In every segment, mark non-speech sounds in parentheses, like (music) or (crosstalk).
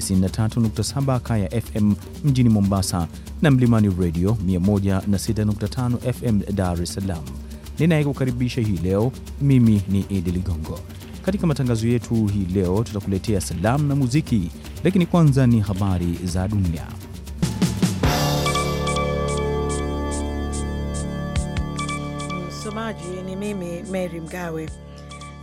93.7 Kaya FM mjini Mombasa na Mlimani Radio 106.5 FM Dar es Salaam. Ninayekukaribisha hii leo mimi ni Idi Ligongo. Katika matangazo yetu hii leo tutakuletea salamu na muziki, lakini kwanza ni habari za dunia. Msomaji ni mimi Mary Mgawe.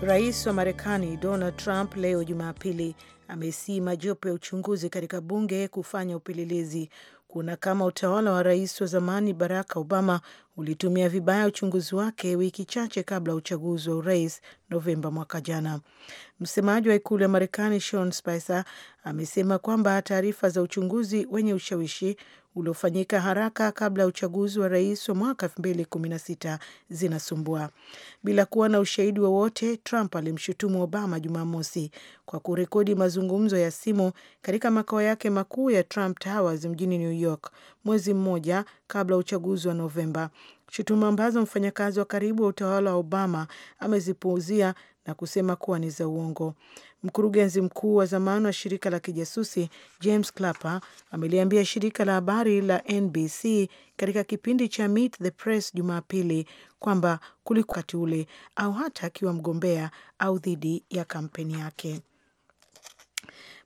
Rais wa Marekani Donald Trump leo Jumapili amesii majopo ya uchunguzi katika bunge kufanya upelelezi kuna kama utawala wa rais wa zamani Barack Obama ulitumia vibaya uchunguzi wake wiki chache kabla ya uchaguzi wa urais Novemba mwaka jana. Msemaji wa ikulu ya Marekani Sean Spicer amesema kwamba taarifa za uchunguzi wenye ushawishi uliofanyika haraka kabla ya uchaguzi wa rais wa mwaka 2016 zinasumbua. Bila kuwa na ushahidi wowote, Trump alimshutumu Obama Jumamosi kwa kurekodi mazungumzo ya simu katika makao yake makuu ya Trump Towers mjini New York mwezi mmoja kabla ya uchaguzi wa Novemba shutuma ambazo mfanyakazi wa karibu wa utawala wa Obama amezipuuzia na kusema kuwa ni za uongo. Mkurugenzi mkuu wa zamani wa shirika la kijasusi James Clapper ameliambia shirika la habari la NBC katika kipindi cha Meet the Press Jumapili kwamba kulikati ule au hata akiwa mgombea au dhidi ya kampeni yake.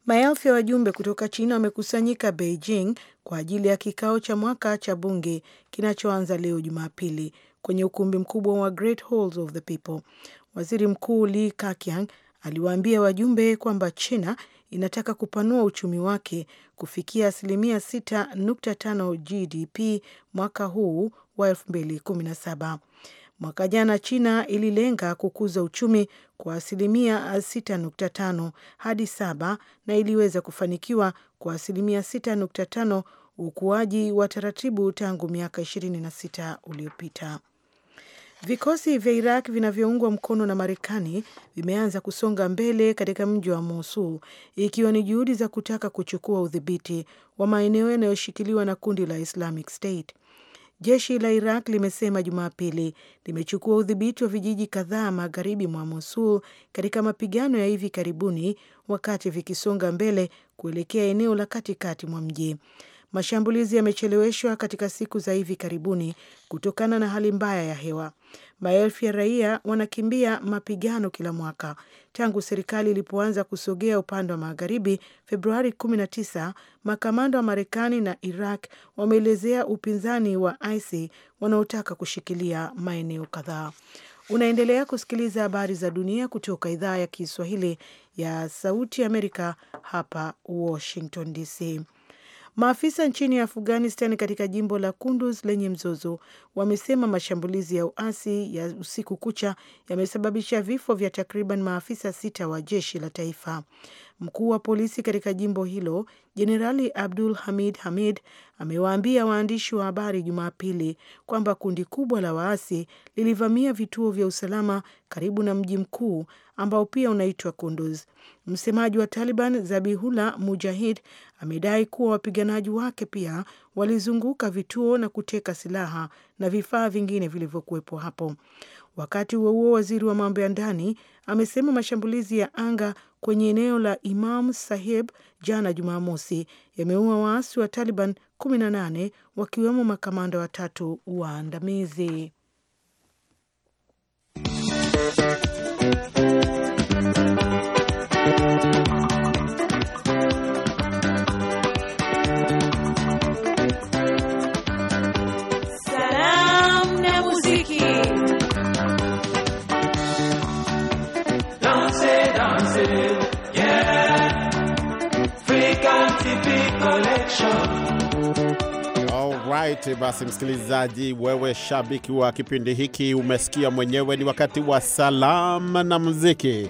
Maelfu ya wajumbe kutoka China wamekusanyika Beijing kwa ajili ya kikao cha mwaka cha bunge kinachoanza leo Jumapili kwenye ukumbi mkubwa wa Great Halls of the People. Waziri Mkuu Li Kakiang aliwaambia wajumbe kwamba China inataka kupanua uchumi wake kufikia asilimia 6.5 GDP mwaka huu wa 2017. Mwaka jana China ililenga kukuza uchumi kwa asilimia 6.5 hadi saba na iliweza kufanikiwa kwa asilimia 6.5 ukuaji wa taratibu tangu miaka 26 uliopita. Vikosi vya Iraq vinavyoungwa mkono na Marekani vimeanza kusonga mbele katika mji wa Mosul ikiwa ni juhudi za kutaka kuchukua udhibiti wa maeneo yanayoshikiliwa na kundi la Islamic State. Jeshi la Iraq limesema Jumapili limechukua udhibiti wa vijiji kadhaa magharibi mwa Mosul katika mapigano ya hivi karibuni, wakati vikisonga mbele kuelekea eneo la katikati mwa mji. Mashambulizi yamecheleweshwa katika siku za hivi karibuni kutokana na hali mbaya ya hewa. Maelfu ya raia wanakimbia mapigano kila mwaka tangu serikali ilipoanza kusogea upande wa magharibi Februari 19. Makamanda wa Marekani na Iraq wameelezea upinzani wa ISI wanaotaka kushikilia maeneo kadhaa. Unaendelea kusikiliza habari za dunia kutoka idhaa ya Kiswahili ya Sauti Amerika hapa Washington DC. Maafisa nchini Afghanistan katika jimbo la Kunduz lenye mzozo wamesema mashambulizi ya uasi ya usiku kucha yamesababisha vifo vya takriban maafisa sita wa jeshi la taifa. Mkuu wa polisi katika jimbo hilo Jenerali Abdul Hamid Hamid amewaambia waandishi wa habari Jumapili kwamba kundi kubwa la waasi lilivamia vituo vya usalama karibu na mji mkuu ambao pia unaitwa Kunduz. Msemaji wa Taliban Zabihullah Mujahid amedai kuwa wapiganaji wake pia walizunguka vituo na kuteka silaha na vifaa vingine vilivyokuwepo hapo. Wakati huo huo, waziri wa mambo ya ndani amesema mashambulizi ya anga kwenye eneo la Imam sahib jana Jumamosi yameua waasi wa Taliban 18 wakiwemo makamanda watatu waandamizi. right, basi msikilizaji, wewe shabiki wa kipindi hiki, umesikia mwenyewe, ni wakati wa salamu na muziki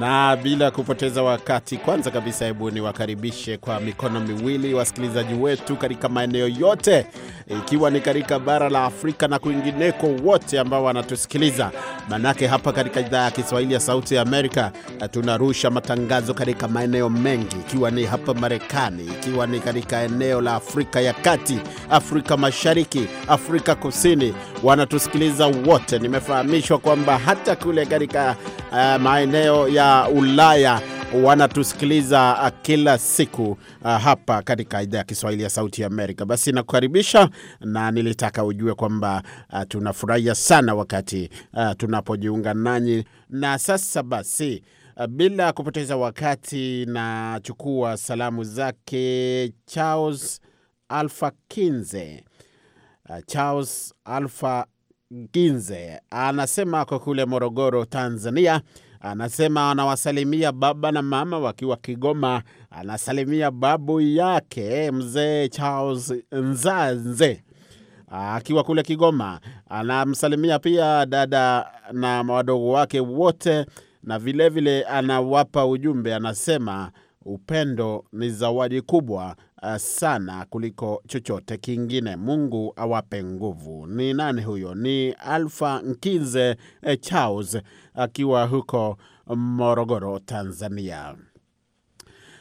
na bila kupoteza wakati, kwanza kabisa, hebu niwakaribishe kwa mikono miwili wasikilizaji wetu katika maeneo yote, ikiwa ni katika bara la Afrika na kwingineko, wote ambao wanatusikiliza. Manake hapa katika idhaa ya Kiswahili ya Sauti ya Amerika tunarusha matangazo katika maeneo mengi, ikiwa ni hapa Marekani, ikiwa ni katika eneo la Afrika ya Kati, Afrika Mashariki, Afrika Kusini, wanatusikiliza wote. Nimefahamishwa kwamba hata kule katika uh, maeneo ya Ulaya wanatusikiliza uh, kila siku uh, hapa katika idhaa ya Kiswahili ya Sauti ya Amerika. Basi nakukaribisha, na nilitaka ujue kwamba uh, tunafurahia sana wakati tunapojiunga nanyi. Na sasa basi, bila kupoteza wakati, nachukua salamu zake Charles Alfa Kinze. Charles Alfa Kinze anasema kwa kule Morogoro, Tanzania Anasema anawasalimia baba na mama wakiwa Kigoma. Anasalimia babu yake mzee Charles Nzanze akiwa kule Kigoma. Anamsalimia pia dada na wadogo wake wote, na vilevile vile anawapa ujumbe, anasema upendo ni zawadi kubwa Eh, sana kuliko chochote kingine. Mungu awape nguvu. Ni nani huyo? Ni Alfa Nkize eh, Charles akiwa huko Morogoro, Tanzania.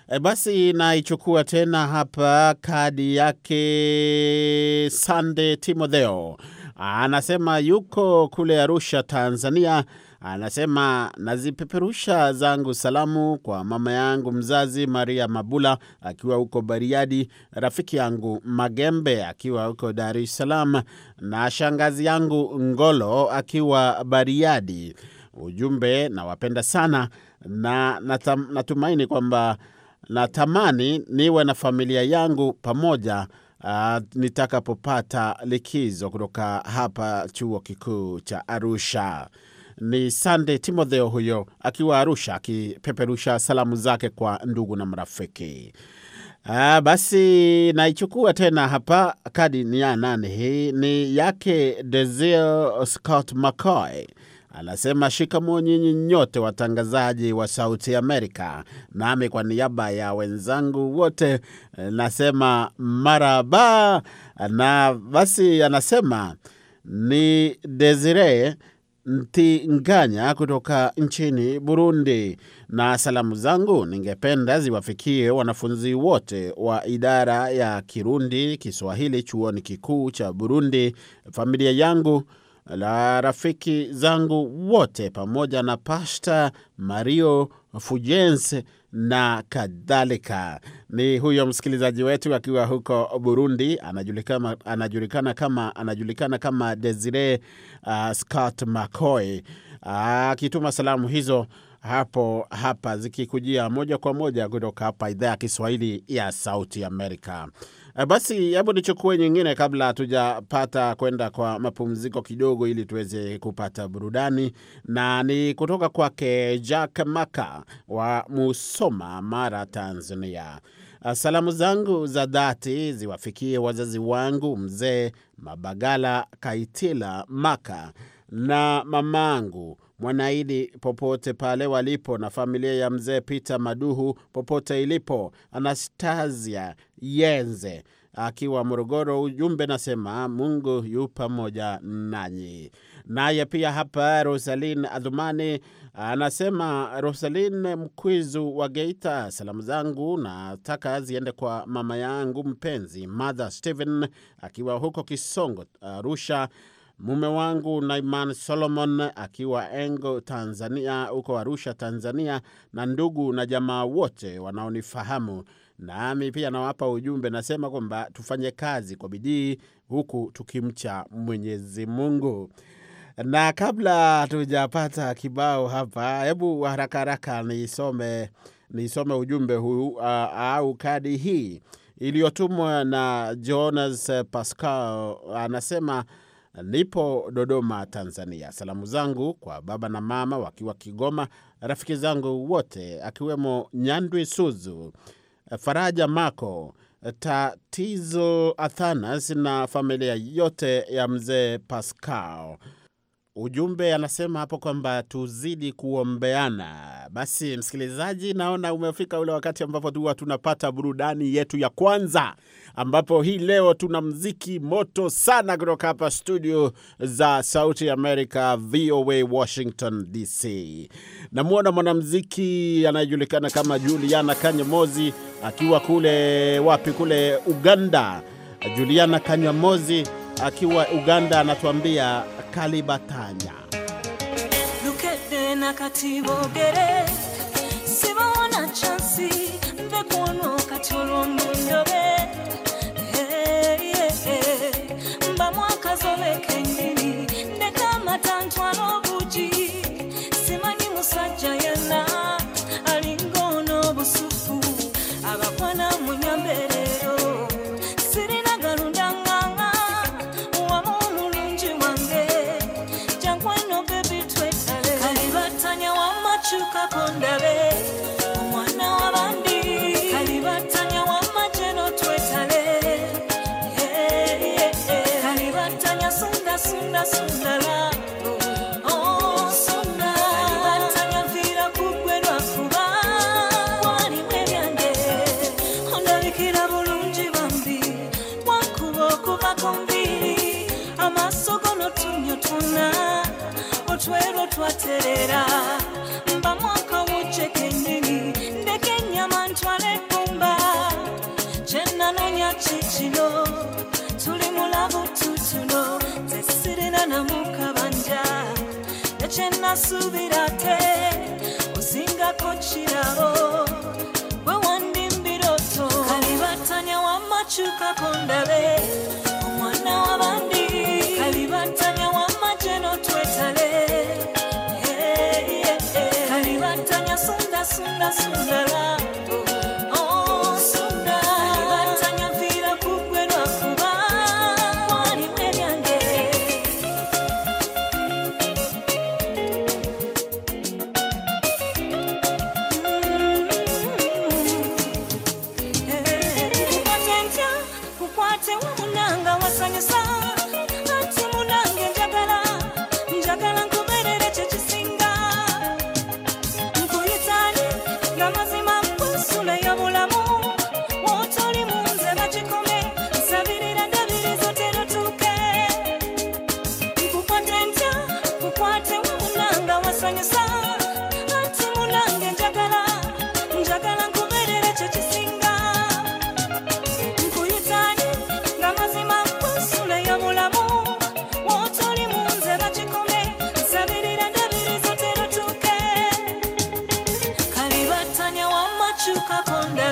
E, basi naichukua tena hapa kadi yake. Sande Timotheo anasema yuko kule Arusha, Tanzania. Anasema nazipeperusha zangu salamu kwa mama yangu mzazi Maria Mabula akiwa huko Bariadi, rafiki yangu Magembe akiwa huko Dar es Salaam na shangazi yangu Ngolo akiwa Bariadi. Ujumbe, nawapenda sana na natam, natumaini kwamba natamani niwe na familia yangu pamoja Uh, nitakapopata likizo kutoka hapa chuo kikuu cha Arusha. Ni Sande Timotheo huyo akiwa Arusha akipeperusha salamu zake kwa ndugu na marafiki. Ah, basi naichukua tena hapa kadi ni ya nane hii ni yake Desil Scott McCoy. Anasema shikamo nyinyi nyote watangazaji wa Sauti Amerika, nami kwa niaba ya wenzangu wote eh, nasema maraba. Na basi anasema ni Desiree Ntinganya kutoka nchini Burundi, na salamu zangu ningependa ziwafikie wanafunzi wote wa idara ya Kirundi Kiswahili chuoni kikuu cha Burundi, familia yangu la rafiki zangu wote pamoja na Pasta Mario Fujense na kadhalika. Ni huyo msikilizaji wetu akiwa huko Burundi, anajulikana, anajulikana kama, anajulikana kama Desire uh, Scott McCoy akituma uh, salamu hizo hapo hapa zikikujia moja kwa moja kutoka hapa idhaa ya Kiswahili ya Sauti Amerika. Eh, basi hapo nichukue nyingine kabla hatujapata kwenda kwa mapumziko kidogo, ili tuweze kupata burudani, na ni kutoka kwake Jack Maka wa Musoma, Mara, Tanzania. Eh, salamu zangu za dhati ziwafikie wazazi wangu mzee Mabagala Kaitila Maka na mamangu Mwanaidi popote pale walipo na familia ya mzee Peter Maduhu popote ilipo. Anastasia Yenze akiwa Morogoro, ujumbe nasema Mungu yu pamoja nanyi. Naye pia hapa Rosalin Adhumani anasema Rosalin Mkwizu wa Geita, salamu zangu nataka ziende kwa mama yangu mpenzi Mother Stephen akiwa huko Kisongo Arusha mume wangu Naiman Solomon akiwa Engo, Tanzania, huko Arusha, Tanzania, na ndugu na jamaa wote wanaonifahamu. Nami pia nawapa ujumbe, nasema kwamba tufanye kazi kwa bidii huku tukimcha Mwenyezi Mungu. Na kabla tujapata kibao hapa, hebu haraka haraka nisome nisome ujumbe huu uh, au kadi hii iliyotumwa na Jonas Pascal, anasema uh, lipo Dodoma, Tanzania. Salamu zangu kwa baba na mama wakiwa Kigoma, rafiki zangu wote akiwemo Nyandwi Suzu, Faraja Mako, Tatizo Athanas na familia yote ya mzee Pascal. Ujumbe anasema hapo kwamba tuzidi kuombeana. Basi msikilizaji, naona umefika ule wakati ambapo huwa tunapata burudani yetu ya kwanza ambapo hii leo tuna mziki moto sana kutoka hapa studio za Sauti America, VOA Washington DC. Namwona mwanamziki anayejulikana kama Juliana kanyamozi akiwa kule wapi, kule Uganda. Juliana kanyamozi akiwa Uganda anatuambia kalibatanya sibona chansi kati upon them.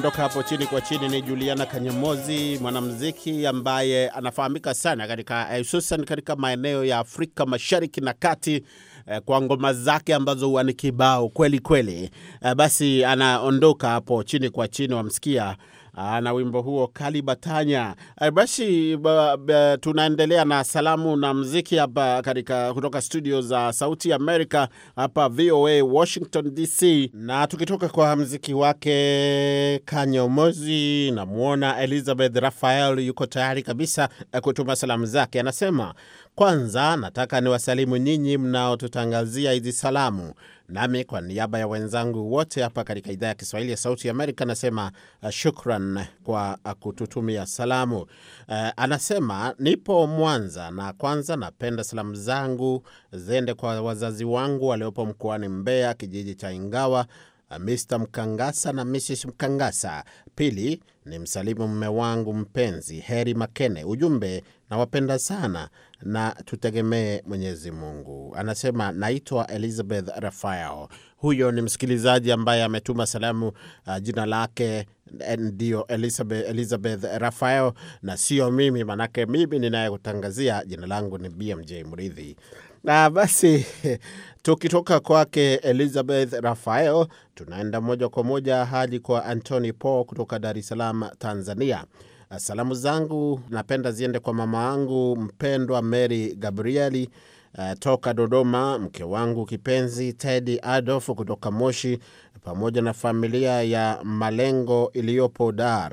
Ukiondoka hapo chini kwa chini ni Juliana Kanyomozi, mwanamuziki ambaye anafahamika sana katika eh, hususan katika maeneo ya Afrika Mashariki na Kati eh, kwa ngoma zake ambazo huwa ni kibao kweli kweli. Eh, basi anaondoka hapo chini kwa chini, wamsikia na wimbo huo Kalibatanya. Eh, basi ba, ba, tunaendelea na salamu na mziki hapa katika kutoka studio za Sauti Amerika hapa VOA Washington DC, na tukitoka kwa mziki wake Kanyomozi, namwona Elizabeth Rafael yuko tayari kabisa eh, kutuma salamu zake, anasema kwanza nataka niwasalimu nyinyi mnaotutangazia hizi salamu, nami kwa niaba ya wenzangu wote hapa katika idhaa ya Kiswahili ya Sauti ya Amerika anasema uh, shukran kwa uh, kututumia salamu. Uh, anasema nipo Mwanza, na kwanza napenda salamu zangu ziende kwa wazazi wangu waliopo mkoani Mbeya, kijiji cha Ingawa, uh, Mr Mkangasa na Mrs Mkangasa. Pili, ni msalimu mme wangu mpenzi Heri Makene. Ujumbe, nawapenda sana na tutegemee Mwenyezi Mungu. Anasema naitwa Elizabeth Rafael. Huyo ni msikilizaji ambaye ametuma salamu uh, jina lake eh, ndio Elizabeth, Elizabeth Rafael na sio mimi, manake mimi ninayekutangazia jina langu ni BMJ Mridhi. Na basi (laughs) tukitoka kwake Elizabeth Rafael tunaenda moja kwa moja hadi kwa antony Paul kutoka Dar es Salaam, Tanzania. Salamu zangu napenda ziende kwa mama wangu mpendwa Mary Gabrieli uh, eh, toka Dodoma, mke wangu kipenzi tedi Adolf kutoka Moshi, pamoja na familia ya Malengo iliyopo Dar,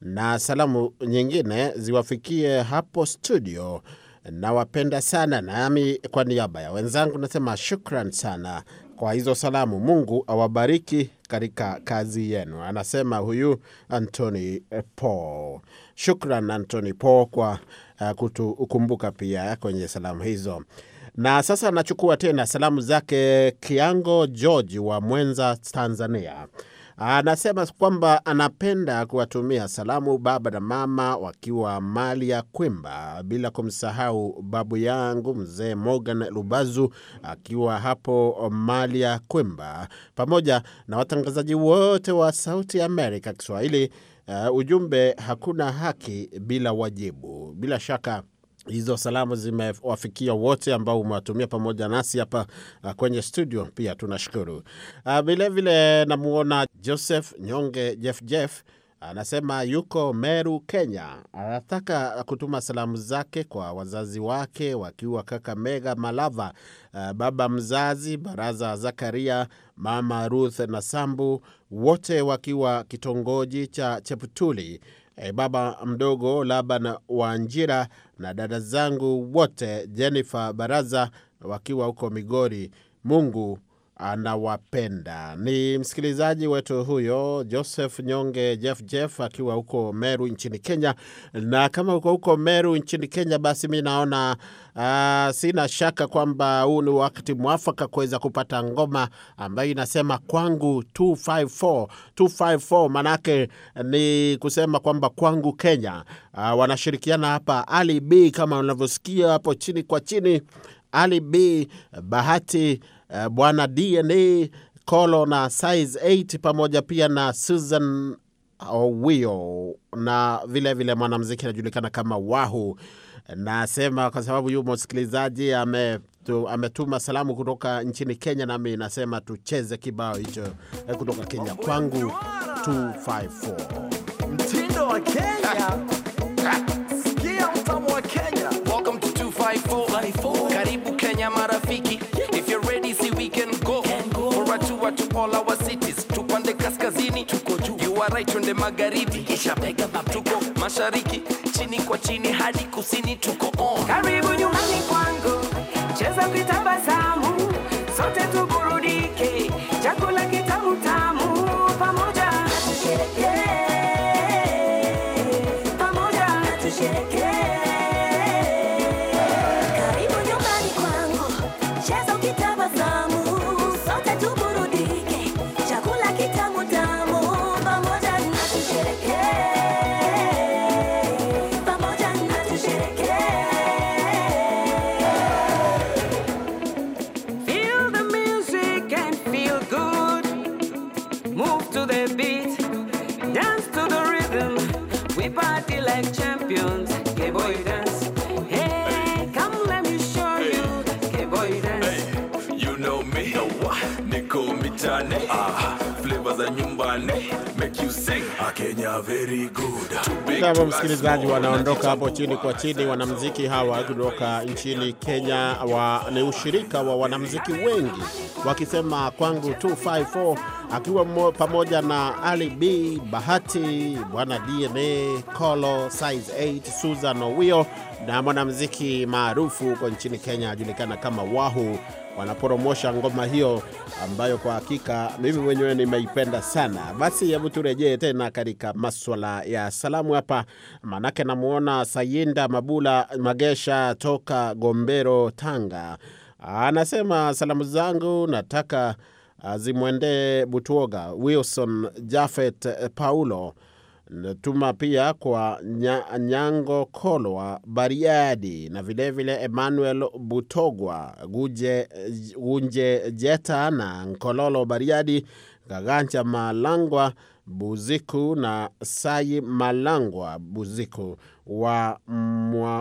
na salamu nyingine ziwafikie hapo studio Nawapenda sana nami na kwa niaba ya wenzangu nasema shukran sana kwa hizo salamu. Mungu awabariki katika kazi yenu, anasema huyu antony Paul. Shukran antony Paul kwa uh, kutukumbuka pia kwenye salamu hizo. Na sasa anachukua tena salamu zake Kiango George wa Mwenza, Tanzania. Anasema kwamba anapenda kuwatumia salamu baba na mama wakiwa mali ya Kwimba, bila kumsahau babu yangu mzee Morgan Lubazu akiwa hapo mali ya Kwimba, pamoja na watangazaji wote wa Sauti Amerika Kiswahili. Uh, ujumbe hakuna haki bila wajibu. Bila shaka Hizo salamu zimewafikia wote ambao umewatumia pamoja nasi hapa uh, kwenye studio, pia tunashukuru vilevile. Uh, namuona Joseph Nyonge Jeff Jeff anasema yuko Meru, Kenya. Anataka kutuma salamu zake kwa wazazi wake wakiwa kaka Mega Malava, uh, baba mzazi Baraza Zakaria, mama Ruth na Sambu, wote wakiwa kitongoji cha Cheputuli. Eh, baba mdogo Laban Wanjira na dada zangu wote Jennifer Baraza wakiwa huko Migori. Mungu anawapenda. Ni msikilizaji wetu huyo Joseph Nyonge Jeff Jeff akiwa huko Meru nchini Kenya. Na kama uko huko Meru nchini Kenya, basi mi naona uh, sina shaka kwamba huu ni wakati mwafaka kuweza kupata ngoma ambayo inasema kwangu 254 254, manake ni kusema kwamba kwangu Kenya. Uh, wanashirikiana hapa Ali B kama unavyosikia hapo chini kwa chini, Ali B Bahati Eh, bwana DNA Kolo na Size 8 pamoja pia na Susan Owio na vilevile mwanamziki anajulikana kama Wahu. Nasema kwa sababu yu msikilizaji ametuma salamu kutoka nchini Kenya, nami nasema tucheze kibao hicho eh, kutoka Kenya kwangu 254 mtindo wa Kenya right twende magharibi, kisha pega tuko mashariki, chini kwa chini hadi kusini, tuko on. Karibu nyumbani kwangu, cheza kuitabasamu, sote tuburudike. champions. Gay boy dance. Hey, come let me show hey. you. Gay boy dance. Hey, you know me. Nico Mitane. Ah, flavors are nyumbani. Kama msikilizaji, wanaondoka hapo chini kwa chini. Wanamziki hawa kutoka nchini Kenya wa, ni ushirika wa wanamziki wengi wakisema kwangu 254 akiwa pamoja na Ali B, Bahati, Bwana DNA, Kolo, Size 8, Susan Owio na mwanamziki maarufu huko nchini Kenya ajulikana kama Wahu wanaporomosha ngoma hiyo ambayo kwa hakika mimi mwenyewe nimeipenda sana. Basi hebu turejee tena katika maswala ya salamu hapa, manake namwona Sayinda Mabula Magesha toka Gombero, Tanga, anasema salamu zangu nataka ah, zimwendee Butuoga Wilson, Jafet Paulo natuma pia kwa Nyango Kolwa Bariadi na vilevile vile Emmanuel Butogwa Guje, Gunje Jeta na Nkololo Bariadi, Gagancha Malangwa Buziku na Sai Malangwa Buziku wa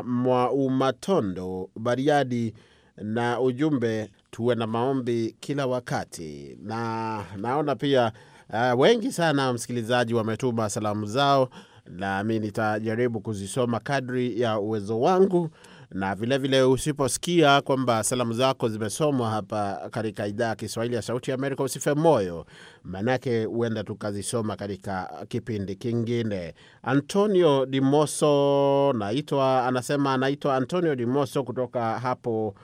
mwaumatondo mwa Bariadi na ujumbe tuwe na maombi kila wakati, na naona pia Uh, wengi sana msikilizaji wametuma salamu zao, na mi nitajaribu kuzisoma kadri ya uwezo wangu na vilevile vile usiposikia kwamba salamu zako zimesomwa hapa katika idhaa ya Kiswahili ya Sauti ya Amerika, usife moyo, maanake huenda tukazisoma katika kipindi kingine. Antonio Dimoso naitwa, anasema anaitwa Antonio Dimoso kutoka hapo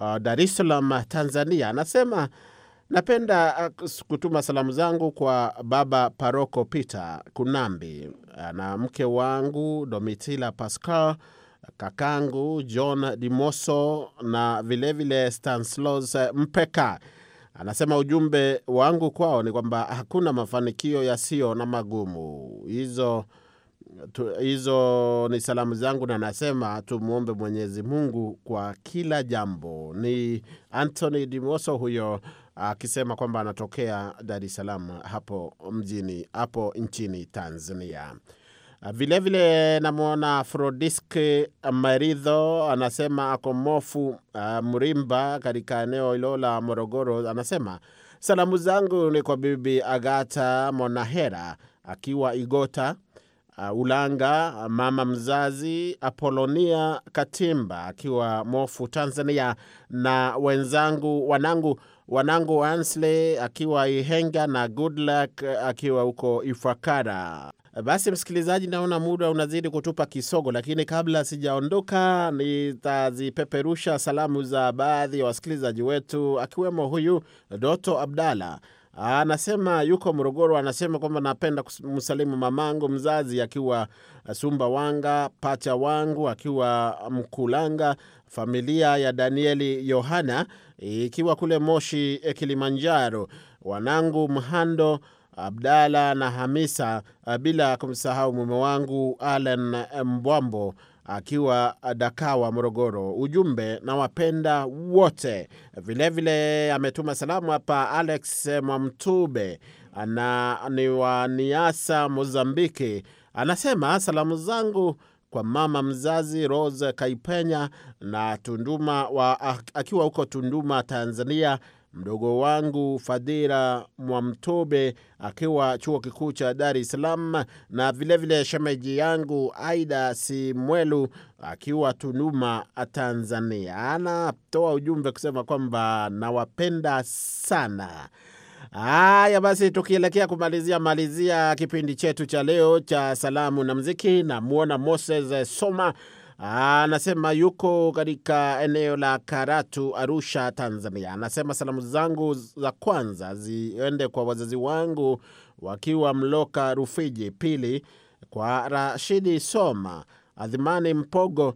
uh, Dar es Salaam, Tanzania. Anasema Napenda ah, kutuma salamu zangu kwa baba paroko Peter Kunambi ah, na mke wangu Domitila Pascal, kakangu John Dimoso na vilevile Stanislaus Mpeka. Anasema ujumbe wangu kwao ni kwamba hakuna mafanikio yasiyo na magumu. Hizo tu, hizo ni salamu zangu, na nasema tumwombe Mwenyezi Mungu kwa kila jambo. Ni Anthony Dimoso huyo akisema kwamba anatokea Dar es Salaam hapo mjini hapo nchini Tanzania. Vilevile namwona frodisk Maridho anasema ako Mofu uh, ah, Mrimba katika eneo hilo la Morogoro. Anasema salamu zangu ni kwa bibi Agata Monahera akiwa Igota uh, Ulanga, mama mzazi Apolonia Katimba akiwa Mofu Tanzania, na wenzangu wanangu wanangu Ansley akiwa Ihenga na Goodluck akiwa huko Ifakara. Basi msikilizaji, naona muda unazidi kutupa kisogo, lakini kabla sijaondoka, nitazipeperusha salamu za baadhi ya wasikilizaji wetu, akiwemo huyu Doto Abdala anasema yuko Morogoro. Anasema kwamba napenda kumsalimu mamangu mzazi akiwa Sumbawanga, pacha wangu akiwa Mkulanga, familia ya Danieli Yohana ikiwa kule Moshi, eh, Kilimanjaro, wanangu Mhando Abdala na Hamisa, eh, bila kumsahau mume wangu Alan eh, Mbwambo akiwa Dakawa, Morogoro. Ujumbe na wapenda wote. Vilevile ametuma salamu hapa Alex Mwamtube na ni wa Niasa, Mozambiki. Anasema salamu zangu kwa mama mzazi Rose Kaipenya na Tunduma wa, ah, akiwa huko Tunduma Tanzania, mdogo wangu Fadhira Mwamtobe akiwa chuo kikuu cha Dar es Salaam, na vilevile shemeji yangu Aida Simwelu akiwa Tunduma Tanzania. Anatoa ujumbe kusema kwamba nawapenda sana. Haya basi, tukielekea kumalizia malizia kipindi chetu cha leo cha salamu na mziki, namwona Moses Soma anasema yuko katika eneo la Karatu, Arusha, Tanzania. Anasema salamu zangu za kwanza ziende kwa wazazi wangu wakiwa Mloka Rufiji, pili kwa Rashidi Soma Adhimani Mpogo,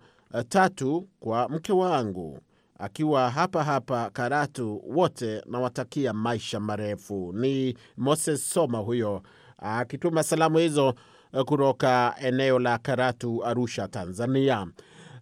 tatu kwa mke wangu akiwa hapa hapa Karatu. Wote nawatakia maisha marefu. Ni Moses Soma huyo akituma salamu hizo eh, kutoka eneo la Karatu, Arusha, Tanzania.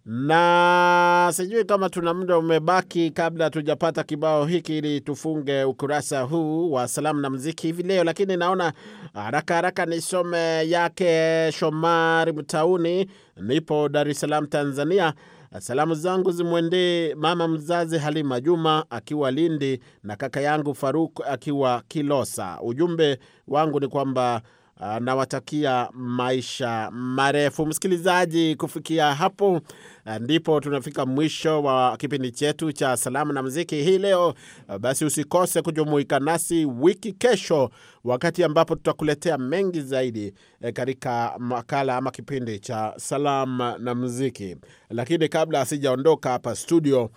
Na sijui kama tuna muda umebaki kabla tujapata kibao hiki ili tufunge ukurasa huu wa salamu na muziki hivi leo, lakini naona haraka haraka nisome yake Shomari Mtauni, nipo Dar es Salaam, Tanzania. Salamu zangu zimwendee mama mzazi Halima Juma akiwa Lindi na kaka yangu Faruk akiwa Kilosa. Ujumbe wangu ni kwamba ah, nawatakia maisha marefu. Msikilizaji, kufikia hapo Eh, ndipo tunafika mwisho wa kipindi chetu cha salamu na muziki hii leo. Eh, basi usikose kujumuika nasi wiki kesho, wakati ambapo tutakuletea mengi zaidi eh, katika makala ama kipindi cha salam na mziki Lakini kabla asijaondoka hapa studio,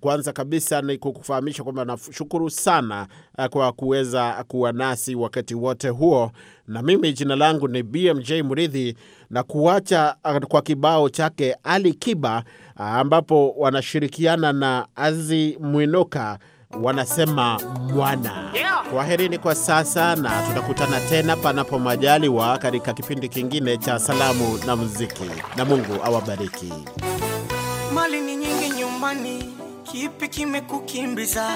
kwanza kabisa ni kukufahamisha kwamba nashukuru sana kwa kuweza kuwa nasi wakati wote huo, na mimi jina langu ni BMJ Mridhi na kuacha kwa kibao chake Ali Kiba saba ambapo wanashirikiana na Azi Mwinoka wanasema mwana. Kwaherini kwa sasa, na tutakutana tena panapo majaliwa katika kipindi kingine cha salamu na muziki, na Mungu awabariki. Mali ni nyingi nyumbani, kipi kimekukimbiza?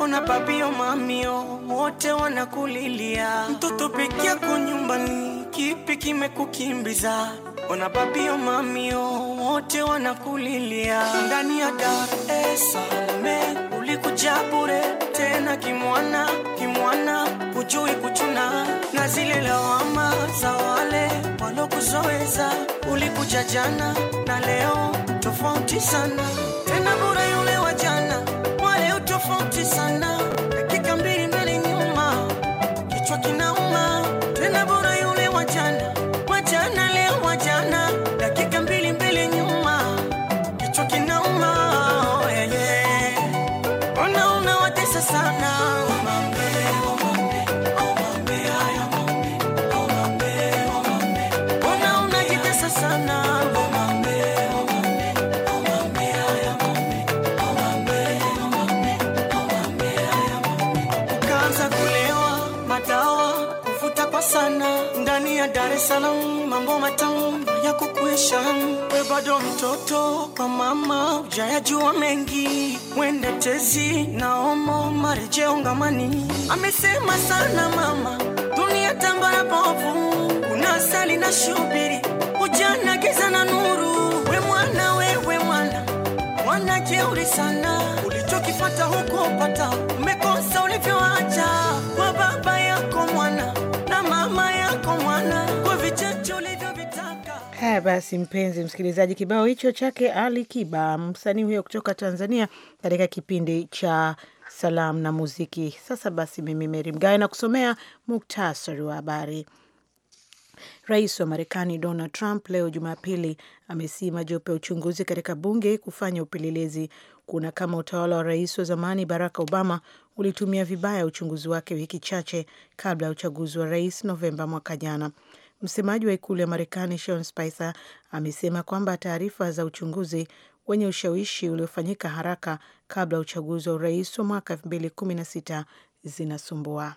Ona babio mamio wote wanakulilia, mtoto peke yako nyumbani, kipi kimekukimbiza? Ona babi o oh, mami o oh, wote wanakulilia ndani ya Dar es Salaam. Ulikuja bure tena kimwana kimwana, hujui kuchuna na zile lawama za wale walokuzoweza. Ulikuja jana na leo tofauti sana maisha, we bado mtoto kwa mama, ujayajua mengi, wende tezi na omo, marejeo Amesema sana mama, dunia tamba ya povu, kuna sali na shubiri, ujana giza na nuru, we mwana, wewe mwana, mwana jeuri sana Haya basi, mpenzi msikilizaji, kibao hicho chake Ali Kiba, msanii huyo kutoka Tanzania, katika kipindi cha salamu na muziki. Sasa basi, mimi Meri Mgawe na kusomea muktasari wa habari. Rais wa Marekani Donald Trump leo Jumapili amesii majopo ya uchunguzi katika bunge kufanya upelelezi kuna kama utawala wa rais wa zamani Barack Obama ulitumia vibaya uchunguzi wake wiki chache kabla ya uchaguzi wa rais Novemba mwaka jana. Msemaji wa ikulu ya Marekani Sean Spicer amesema kwamba taarifa za uchunguzi wenye ushawishi uliofanyika haraka kabla ya uchaguzi wa urais wa mwaka 2016 zinasumbua.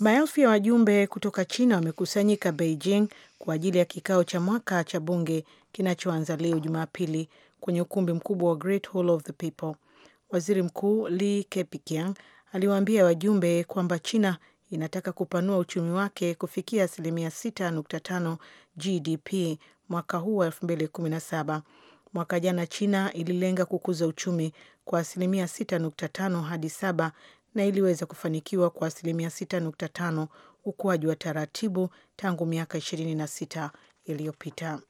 Maelfu ya wajumbe kutoka China wamekusanyika Beijing kwa ajili ya kikao cha mwaka cha bunge kinachoanza leo Jumapili kwenye ukumbi mkubwa wa Great Hall of the People. Waziri Mkuu Li Keqiang aliwaambia wajumbe kwamba China inataka kupanua uchumi wake kufikia asilimia 6.5 GDP mwaka huu wa 2017. Mwaka jana China ililenga kukuza uchumi kwa asilimia 6.5 hadi 7 na iliweza kufanikiwa kwa asilimia 6.5, ukuaji wa taratibu tangu miaka 26 iliyopita.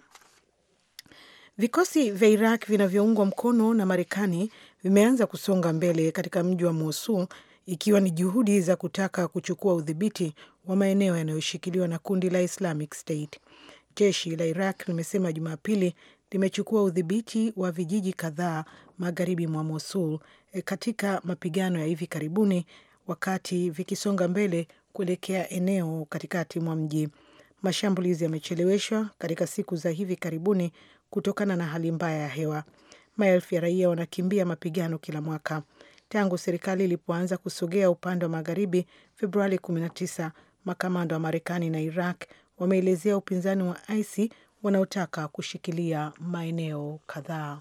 Vikosi vya Iraq vinavyoungwa mkono na Marekani vimeanza kusonga mbele katika mji wa Mosul ikiwa ni juhudi za kutaka kuchukua udhibiti wa maeneo yanayoshikiliwa na kundi la Islamic State. Jeshi la Iraq limesema Jumapili limechukua udhibiti wa vijiji kadhaa magharibi mwa Mosul e, katika mapigano ya hivi karibuni, wakati vikisonga mbele kuelekea eneo katikati mwa mji. Mashambulizi yamecheleweshwa katika siku za hivi karibuni kutokana na hali mbaya ya hewa. Maelfu ya raia wanakimbia mapigano kila mwaka tangu serikali ilipoanza kusogea upande wa magharibi Februari 19. Makamanda wa Marekani na Iraq wameelezea upinzani wa IC wanaotaka kushikilia maeneo kadhaa.